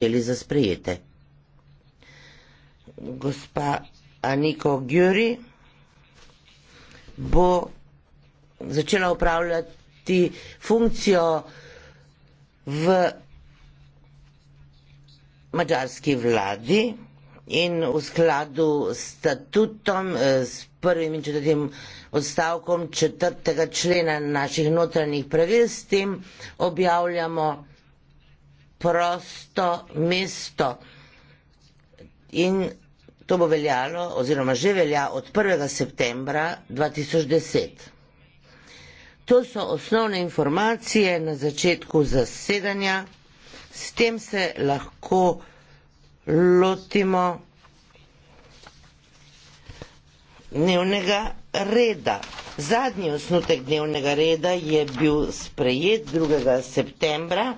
prijeli za sprejete. Gospa Aniko Gjuri bo začela upravljati funkcijo v mađarski vladi in v skladu s statutom, eh, s prvim in četrtim odstavkom četrtega člena naših notranjih pravil, s tem objavljamo prosto mesto. In to bo veljalo, oziroma že velja od 1. septembra 2010. To so osnovne informacije na začetku zasedanja, s tem se lahko lotimo dnevnega reda. Zadnji osnutek dnevnega reda je bil sprejet 2. septembra.